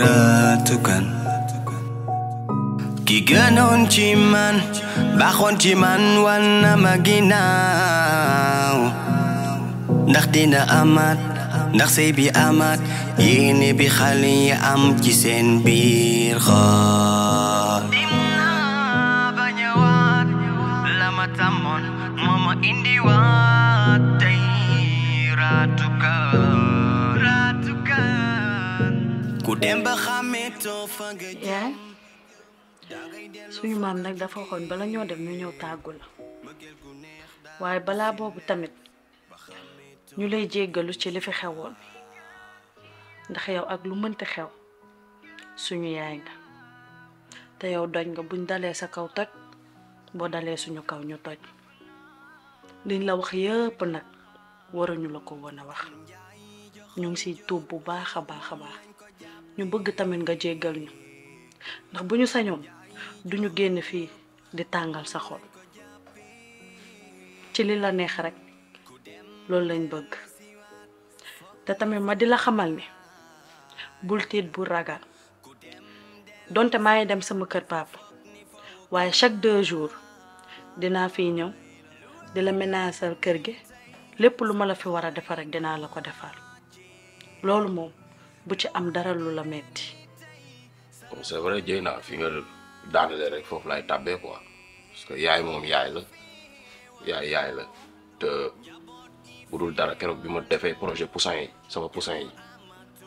ratukan Ki ciman Bakon ciman wana maginau Dak tina amat Dak sebi amat Ini bi khali am kisen bir yaay suñu maam nag dafa waxoon bala ñoo dem ñu ñëw tàggu la waaye balaa boobu tamit ñu lay jéggalu ci li fi xewoon ndax yow ak lu mënti xew suñu yaay nga te yow doj nga buñ dalee sa kaw toj boo dalee suñu kaw ñu toj liñ la wax yépp nag waruñu la ko woon wax ñu ngi siy tuub bu baax a baax ñu bëgg tamit nga jéggal ñu ndax bu ñu sañoon duñu génn fii di tàngal sa xol ci li la neex rek loolu lañ bëgg te tamit ma di la xamal ni bul tiit bu ragal donte maa ngi dem sama kër papa waaye chaque deux jours dinaa fi ñëw di la ménager kër gi lépp lu ma la fi war a rek dinaa la ko defar loolu moom bu ci am dara lu la metti c'est vrai jëy naa fi nga daanalee rek foofu lay tàbbee quoi parce que yaay moom yaay la yaay yaay la te bu dul dara keroog bi ma defee projet poussin yi sama poussin yi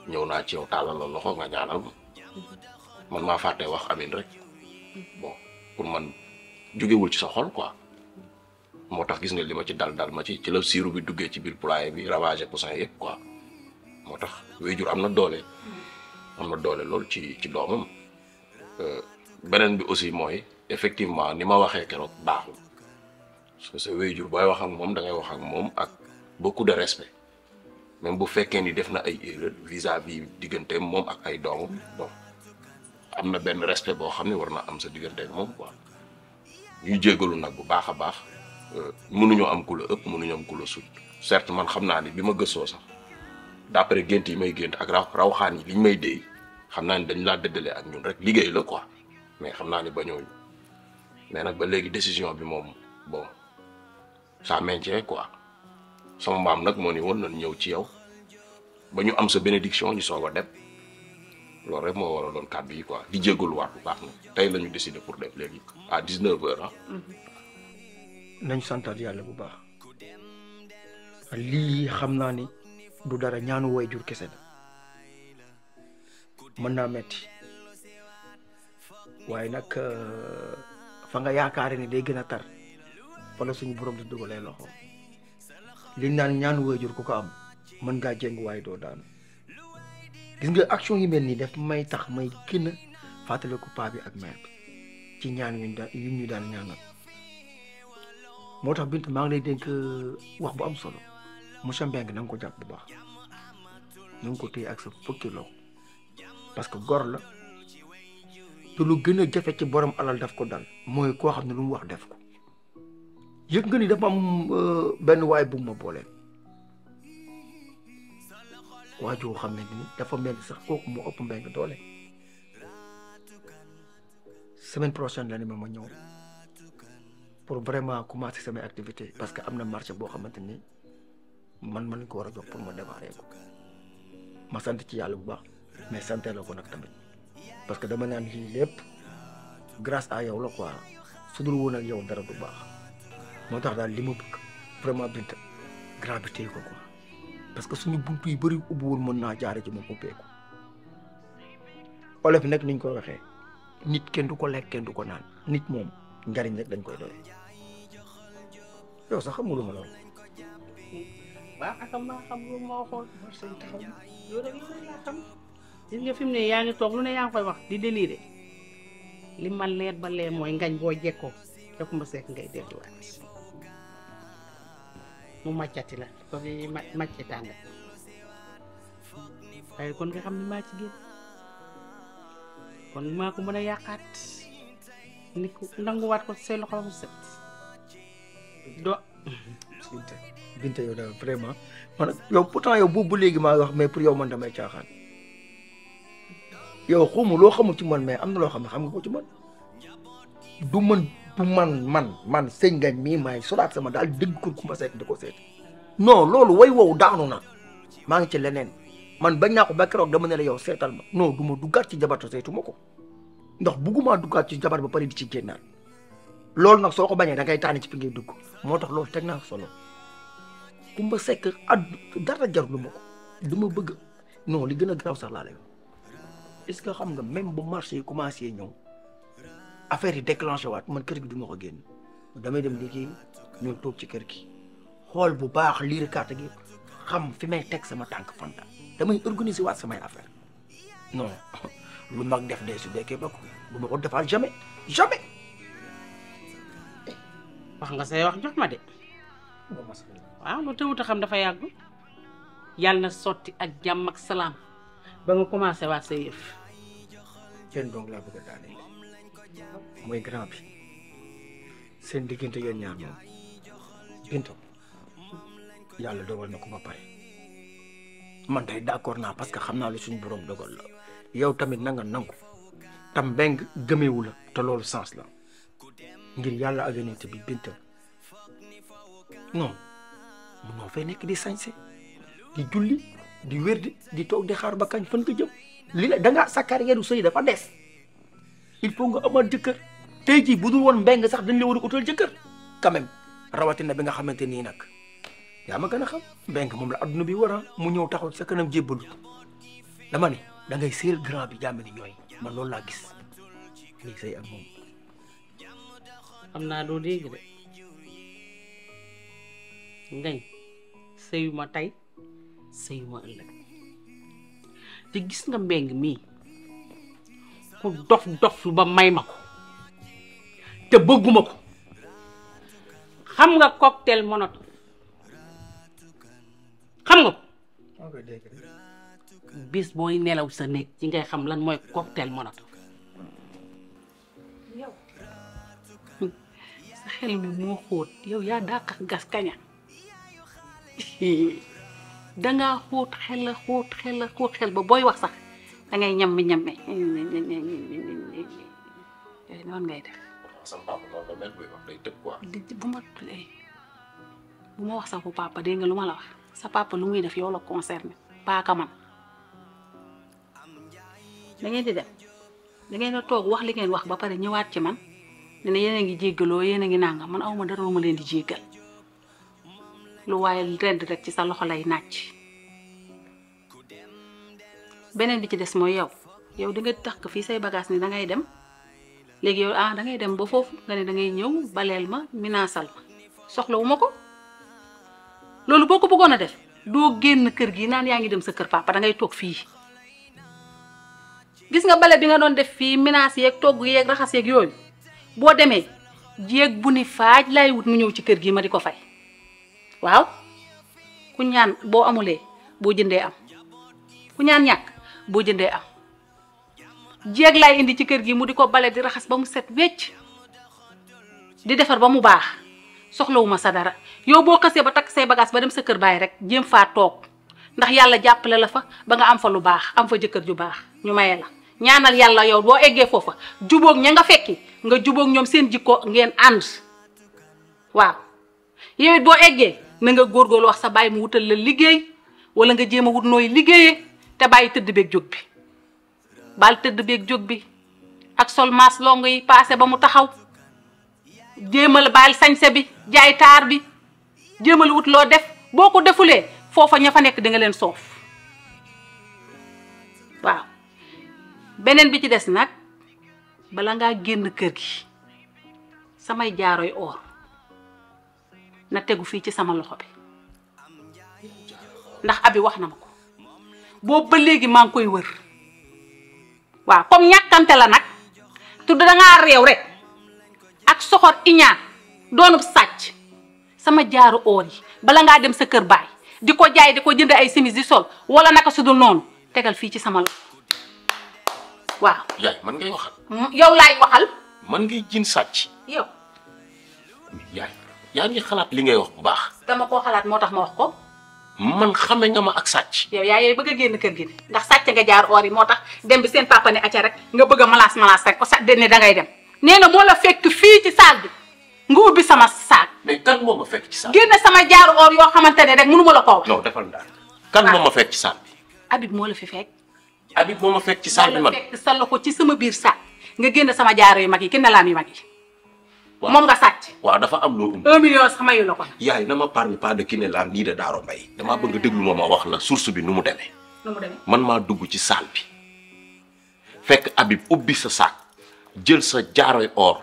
ñëw naa ci yow tàllal la loxo nga ñaanal man maa fàtte wax amin rek bon pour man jugee jógewul ci sa xol quoi moo tax gis nga li ma ci dal dal ma ci ci la siiru bi duggee ci biir poulailler bi ravagé poussin yëpp quoi moo tax wéyjur am na doole am na doole lool ci ci doomam euh, beneen bi aussi mooy effectivement ni ma waxee keroog baaxul parce que sa wéyjur booy wax ak moom da ngay wax ak moom ak beaucoup de respect même bu fekkee ni def na ay erreur vis à diggante moom ak ay doomam bon am na benn respect boo xam ne war na am sa diggante ak moom quoi ñuy jéggalu nag bu baax a baax euh, mënuñoo am ku la ëpp mënuñoo am ku la sut certes man xam naa ni bi ma gëstoo sax d'après gént yi may gént ak raw rawxaan yi liñ may déy xam naa ni dañ laa dëddale ak ñun rek liggéey la quoi mais xam naa ni bañooñu mais nag ba léegi décision bi moom bon ça maintient quoi sama mbaam nag moo ni woon nañ ñëw ci yow ba ñu am sa bénédiction ñu soog a dem loolu rek moo war a doon kàddu yi quoi di jégalu waat bu baax na tey lañu ñu décidé pour dem léegi à 19 heures ah. nañu santaat yàlla bu baax lii xam naa ni. du dara ñaanu jur kese la mën naa metti waaye nag euh, fa nga yaakaare ni day gën a tar fa suñu borom di dugalee loxo li naan ñaanu waajur ku ko am mën ngaa jéng waaye doo daanu gis nga action yi mel nii daf may tax may gën a fàttaliku paa bi ak mère ci ñaan yu ñu daan yu moo tax bint maa ngi lay dénk euh, wax bu am solo. monsieur beng nang ko japp bu baax nang ko tey ak sa fukki lo parce que gor la tu lu gëna jafé ci borom alal daf ko dal moy ko xamne lu mu wax def ko yeug nga ni dafa am euh, ben way bu ma bolé waju xam ni dafa mel sax kooku mu upp mbeng doole semaine prochaine la ni ma ma ñëw pour vraiment commencer sama activité parce que amna marché bo xamanteni ni man man ko war a jox pour ma démarrer ko ma sant ci yàlla bu baax mais sante la ko nag tamit parce que dama naan lii lépp grâce a yow la quoi su woon ak yow dara du baax moo tax daal li ma bëgg vraiment bint gravité ko parce que suñu buntu yi bëri ubbiwul mën naa jaare ci moom ubbeeku olof nag niñ ko waxee nit kenn du ko lekk kenn du ko naan nit moom njariñ rek dañ koy doy yow sax xamuluma loolu baax ak maa xam loolu moo waxoon mooy say taxaw yow rek yow rek laa nga fi mu ne yaa ngi toog lu ne yaa ngi koy wax di déliré li ma leer ba leer mooy ngañ boo jekkoo ngay delluwaat mu la comme ni ma waaye kon nga xam ne maa ci génn kon maa ko mën a yàqaat ni ko nanguwaat ko say loxo set do Binta Binta yow daal vraiment man yow pourtant yow boobu ba léegi maa wax mais pour yow man damay caaxaan yow xawma loo xamul ci man mais am na loo xam ne xam nga ko ci man du man du man man man sëñ ngañ mii maay solaat ma daal dëgg ko ku ma seet di ko seet non loolu way wow daanu na maa ngi ci leneen man bañ naa ko ba keroog ma ne la yow seetal ma non du ma duggaat ci jabar te seetu ma ko ndax bugguma duggaat ci jabar ba pare di ci génnaat loolu nag soo ko bañee da ngay tànn ci fi ngay dugg moo tax loolu teg naa solo Kumba Sekk at jar jarul ma ko ma bëgg non li gën a garaaw sax laa lay est-ce que xam nga même bu marché yi commencé ñëw affaire yi déclenché waat man kër gi du ma ko génn damay dem ki ñëw toog ci kër gi xool bu baax liir carte gi xam fi may teg sama tànk fanta damay organiser waat samay affaire non lu mag def dee su dekkee ba ko bu ma ko defaat jamais jamais wax nga sa wax jox ma de waaw lu tëwut a xam dafa yàggu yàlla na sotti ak jàmm ak salaam ba nga commencé waat yëf kenn donc laa bëgg a daane mooy grand bi seen diggante yéen ñaar moom binto yàlla dogal na ko ba pare man tey d'accord naa parce que xam naa lu suñu borom dogal la yow tamit na nga nangu gëmewu la te loolu sens la ngir yalla ak yonent bi binta non munoo fay nek di sañse di julli di werdi di tok di xaar ba kañ fan nga jëm li la da nga sa carrière sëy dafa dess il faut nga amaat jëkkeur tay ji bu dul won mbeng sax dañ la war a utal jëkkër quand même na bi nga xamanteni nak ya ma gëna xam mbeng mom la aduna bi wara mu ñew taxaw sa kanam jébul dama ni da ngay grand bi jamm ni ñoy man loolu la gis ni sey ak mom அம்னாடு இருக்குது dégg sëyuma tey sëyuma ëllëg te gis nga mbeng mii ku dof dof lu ba may ma ko te bëgguma ko xam nga cocktail monot, xam nga ko bis booy nelaw sa néeg ci ngay xam lan mooy cocktail monot. xel mi moo xóot yow yaa dàq gas kaña dangaa xóot xel la xóot xel la xóot xel ba booy wax sax da ngay ñam ñam mi noonu ngay def. sama papa noonu la mel buy wax day tëb quoi. bu ma bu ma wax sax bu papa dégg nga lu ma la wax sa papa lu muy def yow la concerne concerné paaka man da ngeen di dem da ngeen a toog wax li ngeen wax ba pare ñëwaat ci man nena yene ngi jéggaloo yene ngi nangam man awuma dara ma di jéggal lu waaye rend rek ci sa loxo lay nacc benen bi ci dess moy yow yow di nga tak fi say bagage ni ngay dem léegi yow ah ngay dem ba foofu nga ne dangay ñëw baleel ma minasal ma soxlawu ma ko loolu boo ko bëggoon a def do genn kër gi naan yaangi dem sa kër papa ngay tok fi gis nga bale bi nga doon def fi menaces yek togg yek raxas yek yoyu bo démé jéeg buni faaj lay wut mu ñew ci kër gi ma diko fay waaw ku ñaan bo amulé bo jëndé am ku ñaan ñak bo jëndé am lay indi ci kër gi mu di balé bale di raxas ba mu set wécc di défar ba mu baax soxlawuma sa dara yow bo xasee ba tak say bagage ba dem sa kër bay rek jëm faa tok ndax yalla jappalé la fa ba nga am fa lu baax am fa ju baax ñu mayé la ñaanal yàlla yow boo eggee foofa jubóog ña nga fekki nga jubóog ñoom seen jikko ngeen ànd waaw yow boo eggee na nga góorgóorlu wax sa bàyyi mu wutal la liggéey wala nga jéem a wut nooy liggéeyee te bàyyi tëdd beeg jóg bi bal tëdd beeg jóg bi ak sol maas long yi paase ba mu taxaw jéemal baal sañse bi jaay taar bi jéemal wut loo def boo ko defulee foofa ña fa nekk dinga leen soof waaw benen bi ci dess nak bala nga jaroi kër gi samay jaaroy or na tegu fi ci sama loxo bi ndax abi wax na ma ko ba legi mang koy wër wa comme ñakante la nag da nga rew rek ak soxor iñaan doonu sacc sama jaaru or yi bala nga dem sa kër bay di ko jaay di ko jënd ay simis di sol wala naka sudul non tegal fi ci sama loxo waaw yaay hmm, man ngay nga ma ak sàcc. yow yaa yooyu bëgg a gi ndax sàcc nga jaar oor yi dem bi seen papa ne acca rek nga rek ko sa da ngay dem. la fekk ci bi sama saak. mais kan moo ma fekk ci sama jaar oor yoo xamante rek mënu ma la koo wax. non defal naa kan ah. moo ma fekk ci bi. la fi fekk. Habib moo ma fekk ci saal bi man fekk sa loxo ci sama biir saal nga génn sama jaaro yu mag yi kenn laam yu mag yi. waaw moom nga sàcc. waaw dafa am loo um. un mayu la na ma parle pas de Kiné Lam nii de Daaro Mbaye damaa bëgg déglu ma ma wax la source bi nu mu demee. man maa dugg ci saal bi fekk ubbi sa saak jël sa jaaroy or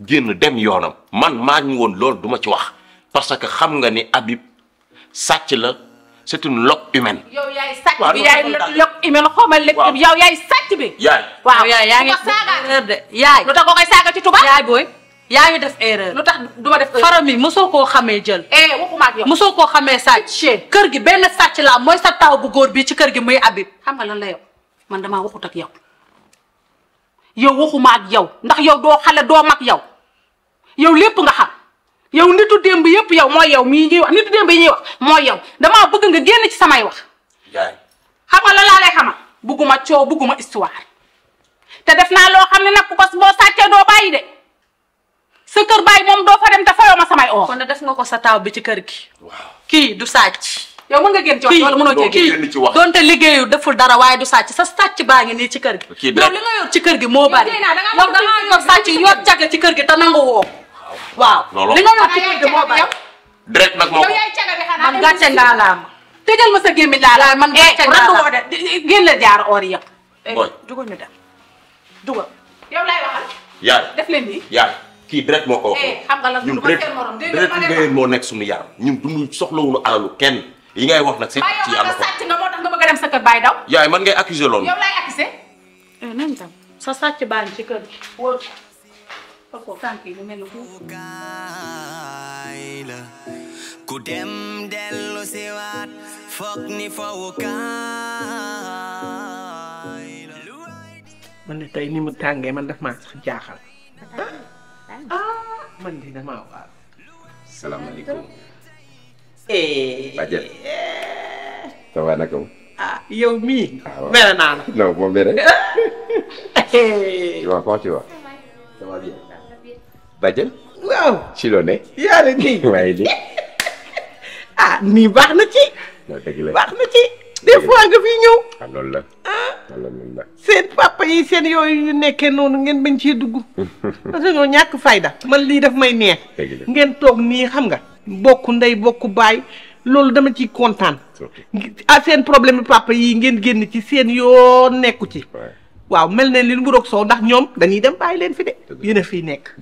génn dem yoonam man maa woon loolu duma ci wax parce que xam nga ni Habib sàcc la. c'est une loque humaine. yow yaay sàcc bi yaay loque humaine xawma bi. yaay waaw yaay yaa ngi saaga erreur de yaay. lu tax nga koy saaga ci tubaab booy. yaa ngi def erreur lu tax du ma def erreur mi mosoo koo xamee jël. Eh, waxuma ak yow koo xamee sàcc. kër gi benn sàcc laa mooy sa taw bu góor bi ci kër gi muy Habib. xam nga lan la yow man damaa waxut ak yow yow waxuma ak yow ndax yow doo xale doo mag yow yow lépp nga xam. yow nitu démb yëpp yow mooy yow mii ñuy wax nitu démb yi ñuy wax mooy yow damaa bëgg nga génn ci samay wax. xam nga la laa lay xamal bugguma coow bugguma histoire te def naa loo xam ne nag ku ko boo sàccee doo bàyyi de sa kër bàyyi moom doo fa dem te def nga ko sa taaw bi ci kër gi. kii du sàcc. yow mën nga génn ci wax wala mënoo cee génn kii donte liggéeyu deful dara waaye du sàcc sa sàcc baa ngi nii ci kër gi. yow nga yor ci kër gi moo bari. yow da ngaa yor sàcc yor càgg ci kër gi te nangu woo waaw li nga wax ci kii nag moo man gàcce ngaa laam. tëjal ma sa gémmiñ laa laal man eh, gàcce ngaa laam rek jaar or yëpp. Eh, booy ñu dem dugal. yow lay waxal. yaay def leen kii direct moo eh, xam nga lan du ma seen morom dégg nga direct direct moo nekk suñu yaram ñun kenn yi ngay wax nag. ci yàlla ko sàcc nga moo tax nga bëgg a dem sa kër bàyyi daw. man ngay accuser loolu. yow lay accuser. sa sàcc baa ngi ci kër gi Và cổ càng kỷ mình nó cũng Cô đem đen lô xe Phật ni phô mas kujakal. Ah, man din na mawag. Assalamualaikum. Eh. Assalamualaikum. Ah, yo mi. Mera na. No, mau mera. Eh. Iwa ko siwa. Sawa dia. Badiane. waaw ci loo ne. yaa la nii waaye nii. ah nii baax na ci. non dëgg la baax na ci. des fois nga fiy ñëw. Ah, ah. seen papa yi seen yooyu nekkee noonu ngeen bañ cee dugg. parce ñoo ñàkk fayda. man lii daf may neex. ngeen toog nii xam nga. bokk ndey bokk baay loolu dama ciy kontaan. ah seen problème papa yi ngeen génn ci seen yoo nekku ci. waaw mel ne leen mu roog soow ndax ñoom dañuy dem bàyyi leen fi de. yéen a fiy nekk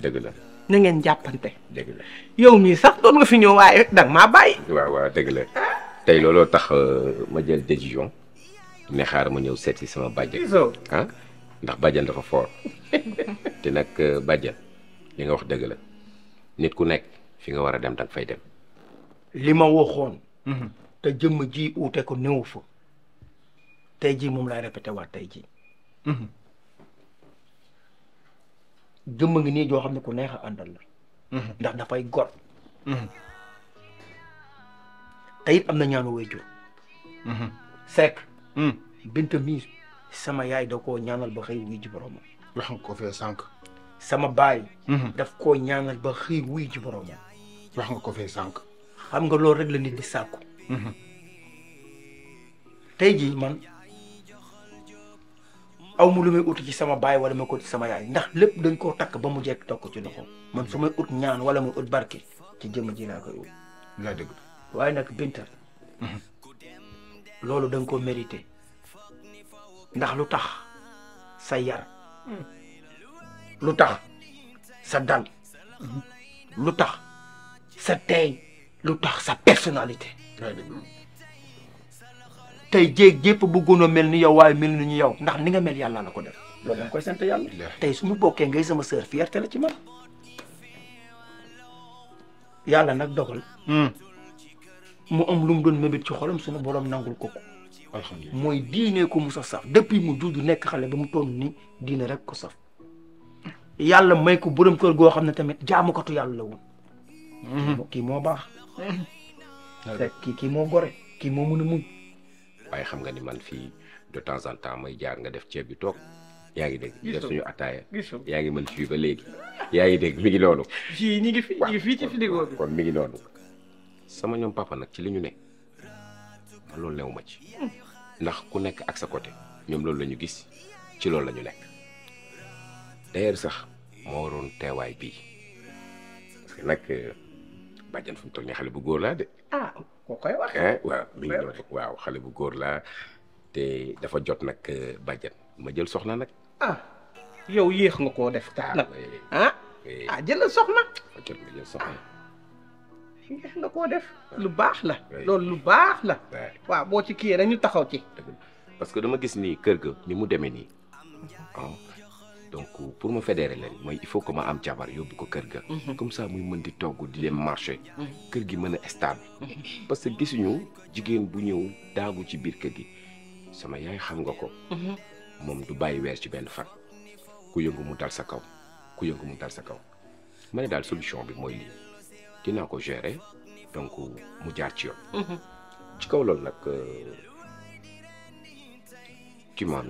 na ngeen jàppante. dëgg yow mii sax doon nga fi ñëw waaye danga maa bàyyi. waaw waaw dëgg tey looloo tax euh, ma jël décision ne xaar ma ñëw seeti sama bàjjen. ah ndax bàjjen dafa fort te nag euh, bàjjen li nga wax dëgg la nit ku nekk fi nga war a dem danga fay dem. li ma woxoon mhm. te jëmm ji uute ko néew fa tey jii moom laay répété waat tey jii. Mhm. jëmm ni nii joo xam ne ku neex a àndal la. Mhm. ndax dafay gor. Mhm. te am na ñaanu waajur. Mhm. Seck. Binta mii sama yaay da koo ñaanal ba xëy wuy ji ko sànq. sama baay. daf koo ñaanal ba xëy wuy ji boromam. wax nga ko fee sànq. xam nga loolu rek la nit di sàkku. jii man. aw mu lu may ut ci sama baay wala ma ko ci sama yaay ndax lépp dañ koo takk ba mu jekk tokk ci loxo man su may ut ñaan wala muy ut barke ci jëmm ji naa koy ut. laa waaye nag Binta. loolu da koo mérité ndax lu tax sa yar. lu tax sa dal. lu tax sa teey lu tax sa personnalité. tey jéeg yëpp bëggoon a mel ni yow waaye mel ni ñu yow ndax ni nga mel yàlla la ko def loolu da koy sant yàlla tey suñu bokkee ngay sama sœur fierté la ci man yàlla nag dogal hmm. mu am lu mu doon mébét ci xolam suñu borom nangul ko ko alhamdulilah mooy diine ko mu saf saf depuis mu juddu nekk xale ba mu toll ni diine rek ko saf yàlla may ko borom kër goo xam ne tamit jaamukatu yàlla la woon hmm. kii moo baax hmm. kii kii moo gore kii moo mën a muñ waaye xam nga ni man fii de temps en temps may jaar nga def ceeb bi toog yaa ngi dégg. def suñu ataaya. yaa ngi mën fii ba léegi. yaa ngi dégg mi ngi noonu. fii ñu ngi fi ñu fii ci frigo mi ngi noonu. sama ñoom papa nag ci lu ñu ne ma loolu new ma ci. Hmm. ndax ku nekk ak sa côté ñoom loolu lañu ñu gis ci loolu la nekk. d'ailleurs sax moo waroon teewaay bii parce que nag euh, bàjjan fu mu toll nii xale bu góor laa de. ah koo koy eh, waaw mi ngi xale bu góor laa te dafa jot nag euh, bàjjan ma jël soxna nag. ah yow yéex nga koo def. tax ah, nag ah, ah jël soxna. nga koo def lu baax la. loolu lu baax la. waaw boo ci kii rek ñu taxaw ci. parce que dama gis nii kër ga ni mu demee nii. donc pour ma fédérer leen mooy il faut que am jabar yóbbu ko kër ga. Mhm. comme ça muy mën di togg di leen marché. Mhm. kër gi mën a stable. Mhm. parce que gisuñu jigéen bu ñëw daagu ci biir kër gi sama yaay xam nga ko. moom du bàyyi weer ci benn fan. ku yëngu mu dal sa kaw ku yëngu mu dal sa kaw ma ne daal solution bi mooy lii dinaa ko gérer donc mu jaar ci yoon. ci kaw loolu nag euh, ci maam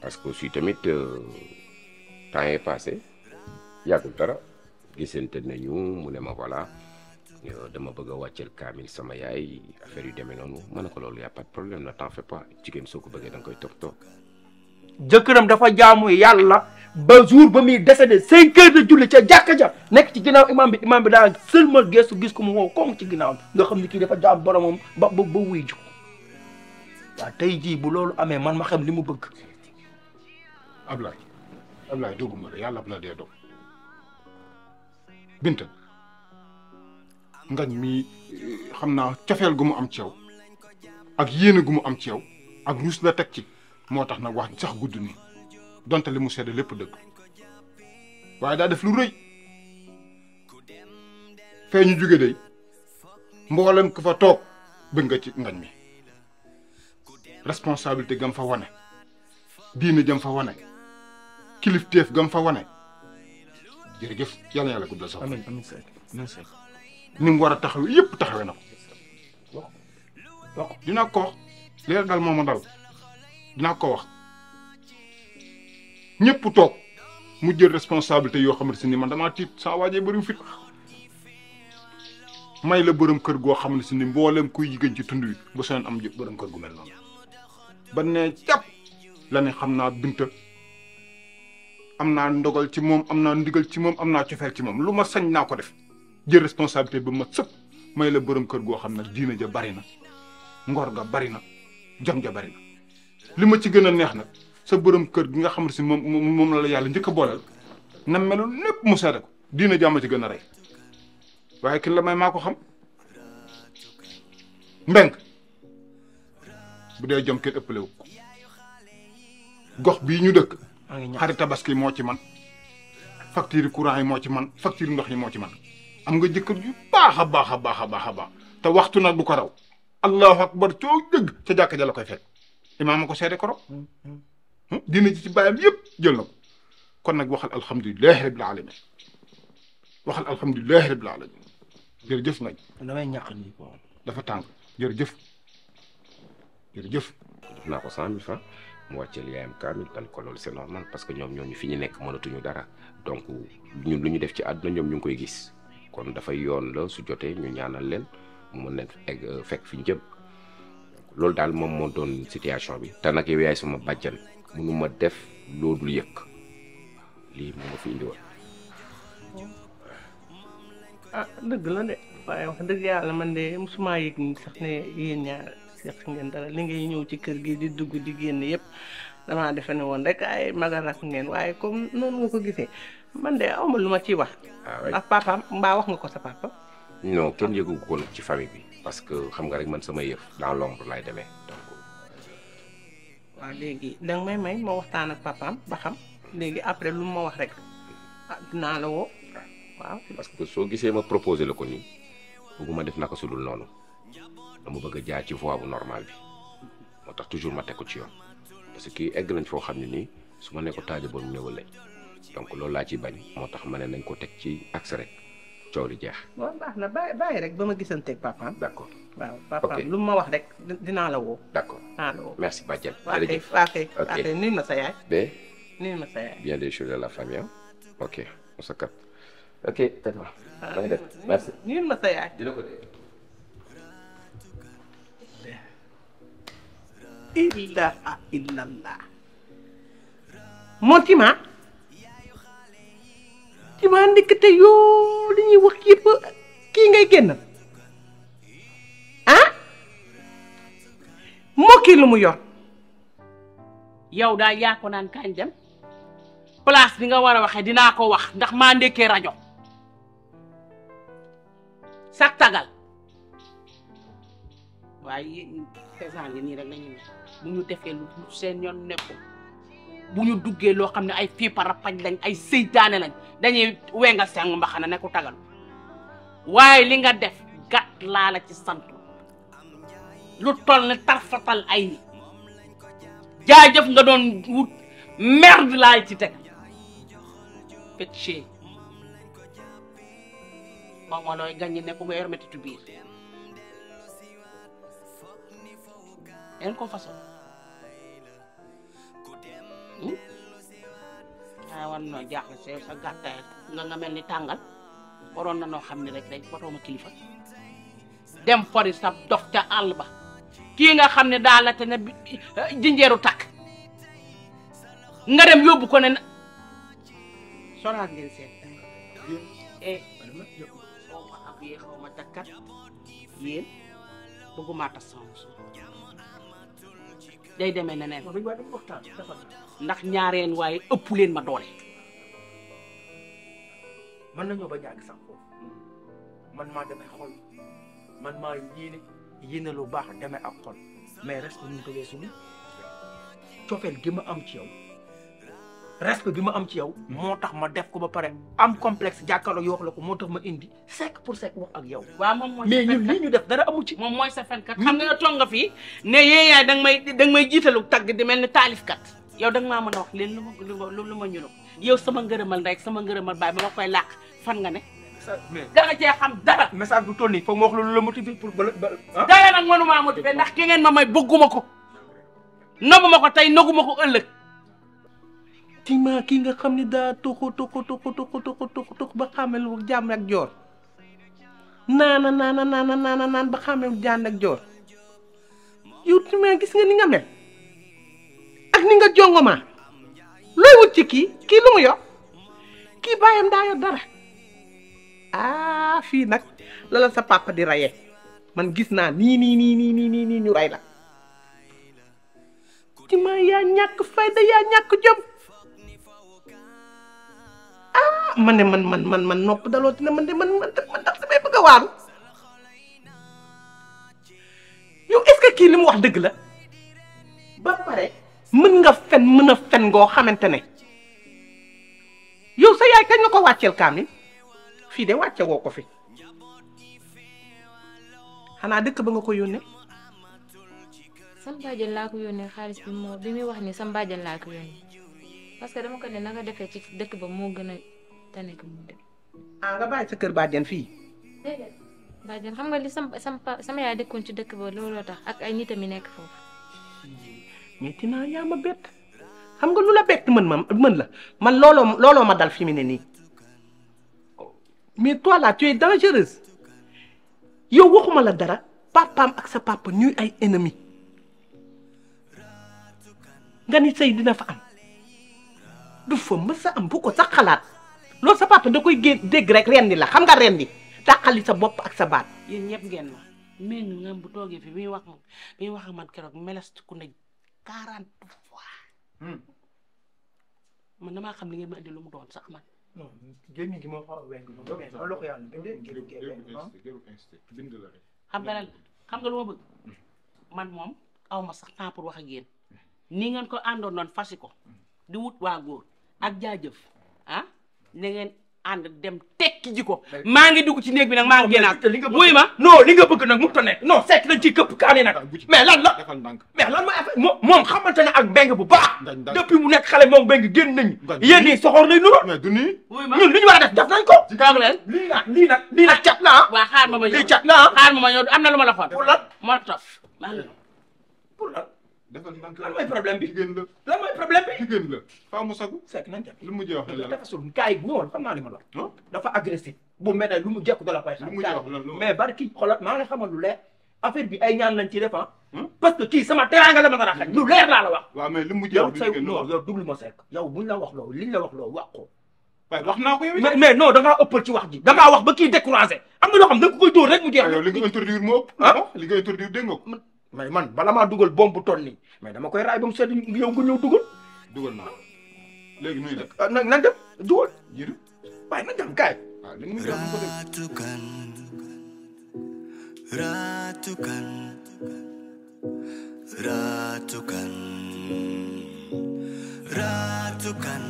parce que aussi tamit euh, temps est passé yàggul dara gisante nañu mu ne ma voilà euh, dama bëgg a wàcceel kaamil sama yaay affaire yu demee noonu ma ne ko loolu y' a pas de problème na t'en fais pas jigéen soo ko bëggee da nga koy toppatoo. jëkkëram dafa jaamu yàlla ba jour ba muy décédé cinq heures de julli ca jàkka ja nekk ci ginnaaw imam bi imam bi daa sëlmal geestu gis ko mu wow koom ci ginnaaw nga xam ni kii dafa jaam borom ba ba wuy ji tey jii bu loolu amee man ma xam li mu bëgg. Ablaye Ablaye yàlla bu la dee dog ngañ mi eh, xam naa cofeel gu mu am ceew ak yéene gu mu am ceew ak ruus la teg ci moo tax nag wax sax gudd ni donte li mu sedda lépp dëgg waaye daa def lu rëy fee ñu jóge day mboolem ku fa toog bëgg nga ci ngañ mi responsabilité gam fa wane diine jëm fa wane kilifteef gam fa wane jërëjëf yàlla yàlla guddal sax. amiin amiin Seydou amiin Seydou. ni mu war a taxawee yëpp taxawee na ko. wax ko wax li la ko wax ñëpp toog mu jël responsabilité yoo xamante ne man damaa saa waajee bëriwul fit may la borom kër goo xam ne si ni mboolem kuy jigéen ci tund wi bu seen am borom kër gu mel noonu. ba ne la ne xam naa binta am naa ndogal ci moom am naa ndigal ci moom am naa cofeel ci moom lu ma sañ naa ko def jël responsabilité ba ma sëpp may la borom kër goo xam ne diina ja bari na ngor ga bari jom ja bari na li ma ci gën a neex nag sa borom kër gi nga xam ne si moom moom la yàlla njëkk a booleel na melul lépp mu seede ko diina jàmm ci gën a rey waaye kin la may maa ko xam mbeng bu dee jom kenn ëppale gox bii ñu dëkk xari tabaski moo ci man facture courant yi moo ci man facture ndox yi moo ci man am nga jëkkër ju baax a baax a baax a baax a baax te waxtu nag du ko raw allahu akbar coo dëgg ca jàkk ja la koy fekk imaam ko seede koro hmm, hmm. hmm? dina ci ci bàyyam yëpp jël na kon nag waxal alhamdulilahi rabil alamin waxal alhamdulilahi rabil alamin jërëjëf nag damay ñàq ni dafa tàng jërëjëf jërëjëf def naa ko cent mille francs mu wàcceel yaayam kaamil kan ko loolu c'est normal parce que ñoom ñooñu fi ñu nekk mënatuñu dara donc ñun lu ñu def ci àdduna ñoom ñu ngi koy gis kon dafa yoon la su jotee ñu ñaanal leen mu mën leen euh, fekk fi ñu loolu daal moom moo doon situation bi te nag yow yaay sama bàjjan mënuma def loodul yëkk lii moo ma fi indi woon ah dëgg la de waaye wax dëgg yàlla man de musuma yëg sax ne yéen ñaar seq ngeen dara li ngay ñëw ci kër gi di dugg di génn yépp dama defé ne won rek ay magal rak ngeen waye comme non nga ko gisé man de awma luma ci wax ah ak papa mba wax nga ko sa papa non kenn yegu ko nak ci famille bi parce que xam nga rek man sama yef dans l'ombre lay démé donc wa légui dang may may ma waxtaan ak papam ba xam légui après lu ma wax rek ah, dina la wo ah. waaw parce que so gisé ma proposer la ko ni bëgguma def naka sulul dama bëgg a jaar ci voie bu bi moo tax toujours ma teg ko ci yoon parce que egg foo xam ne nii su ma ne ko taaliboon mu ñëwal loolu laa ci bañ moo tax ma ne nañ ko teg ci axe rek coow li jeex. waaw baax na bàyyi rek ba ma gisanteeg papaam. d' accord waaw papaam lu ma wax rek dinaa la woo. d' woo merci Badiane. jërëjëf waaw kay waaw kay nuyu ma sa yaay. mais nuyu ma sa yaay. bien des la famille ok on se capte sa yaay. ilaha illallah moom tima tima ndekete yoo li ñuy wax yëpp kii ngay génn ah moo kii lu mu yor yow daal yaa ya ko naan kañ dem place bi nga war a waxee ko wax ndax maa ndekkee rajo sag tagal waaye nii rek lañu ne bu ñu defee lu seen yoon bu ñu duggee loo xam ne ay fiipara paj lañ ay seytaane lañ dañuy wenga seng mbaxana ne ku tagal waaye li nga def gàtt laa la ci sant lu toll ne tarfatal ay ni jaajëf nga doon wut merde laa ci teg pecce moom ma looy gàññi ne en ko façon hmm? ah war noo jaaxle sa sa nga nga mel ni tàngal na rek day kilifa dem fori sa docteur alba àll nga xam ne la te ne eh, jinjeeru nga dem ko ne ngeen sen eh ma takkat day demee neneen ndax ñaareen waaye ëpp leen ma doole. mën nañoo ba ñàkk sax foofu man maa demee xol man maa yéene yéene lu baax demee ak xol mais reste nu mu ko weesu cofeel gi ma am ci yow. respect bi ma am ci yow. moo tax ma def ko ba pare am complexe jàkkaarloo yook la ko moo tax ma indi sec pour sec wax ak yow. waaw moom mooy mais lii ñu def dara amu ci. moom mooy sa fenkat xam nga toog nga fii ne yeeyaay danga may danga may jiitalu tagg di mel ni taalifkat yow danga maa mën a wax leen lu ma lu ma lu ma ñunu yow sama ngërëmal rek sama ngërëmal baay ma la koy làq fan nga ne. danga cee xam dara. message bu toll nii foog ma wax loolu la motivé pour ba la. Ah? dara nag mënumaa motivé ndax ki ngeen ma may bëgguma ko nobuma ko tey noguma ko ëllëg ci ma ki nga xam ni daa tuxu tuxu tuxu tuxu tuxu tuxu tuxu ba xamel wu jam ak jor nana nana nana nana nan ba xamel jand ak jor yu ci ma gis nga ni nga mel ak ni nga jongoma looy wut ci ki ki lu mu yo ki bayam da yo dara ah nak la la sa papa di raye man gis na ni ni ni ni ni ni ni ñu ray la ci ma yaa fayda ya ñak jom ah man man man man man nopp daloo dina man de man man man tax damay bëgg waan yow est-ce que kii li wax deug la ba paré mën nga fen mëna a fen ngoo xamante yow sa yaay kañ nga ko wàcceel kaamil fii de wàcce woo ko fi xana dëkk ba nga ko yone sam bàjjen ya la ko yone xaalis bi mo bi mi wax ni sam bàjjen la ko yone parce que dama ko ne na nga defee ci dëkk ba moo gën a tane ko mu dem. ah nga sa kër bàjjen fii. déedéet bàjjen xam nga li sama sama sama yaay ci dëkk ba looloo tax ak ay nitam yi nekk foofu. mais dinaa yaa ma bett xam nga lu la bett mën ma mën la man looloo looloo ma dal fi mu ne nii mais toi là tu es dangereuse yow waxuma la dara papaam ak sa papa ñuy ay ennemis nga ni sëy dina fa am. du fa sa am bu ko sax xalaat loolu sa papa da koy deg rek rendi la xam nga rendi di sa bop ak sa baat. yeen ñëpp ngeen ma meñu ngam bu toge fi mi wax mi wax ak man melast ku na 40 fois. Hmm. man dama xam li ngeen ma andi lu mu doon sax man. non gemi gi moo xaw a weng ma loxo yàlla bindee ah. bind la rek. xam nga xam nga lu bëgg man mom awma sax temps pour wax ak yeen ni ngeen ko andon non fasiko di wut wa goor ak jaajëf ah na ngeen ànd dem tekki ji ko. maa ngi dugg ci néeg bi nag maa ngi génnaat. wuy ma non li nga bëgg nag mu ta nekk seet lañ ciy këpp kaane nag mais lan la mais lan mooy affaire moom xamante ak mbeng bu baax. depuis mu nekk xale moom mbeng génn nañu. yéen ñii soxor lay nuroo. mais du nii. wuy ma ñun li ñu war a def def nañ ko. toog leen lii nag lii nag lii nag na ah. waaw xaar ma ma na ah. ma ma ñëw am na lu ma la xool. pour lan moo tax. defal ndànk lan mooy problème bi jigéen la lan mooy problème bi jigéen la fa mu sagu sekk a jàpp lu mu jeex la dafa sul la dafa agressif bu mel ne xam lu leer affaire bi ay ñaan lañ ci def ah. parce que kii sama teraanga la ma nar a xaj lu leer laa la wax waaw mais lu mu jeex bi yow duglu ma sekk yow buñ la wax loolu liñ la wax loolu wax ko waaye wax naa ko yow mais non da ngaa ëppal wax ji da ngaa wax ba kii découragé am na loo xam da nga koy dóor rek mu jeex li nga introduire moo ah? li nga introduire dégg nga mais man bala maa dugal bomb bu toll nii mais dama koy raay ba sedd yow nga ñëw dugal. dugal naa léegi nuy def. Ah, na na dem dugal. jiitu waaye na dem kaay. waaw ah, ratukan ratukan ratukan ratukan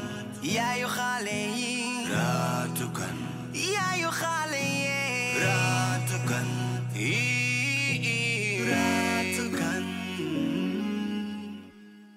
yaayu xaale yi ratukan yaayu xaale yi ratukan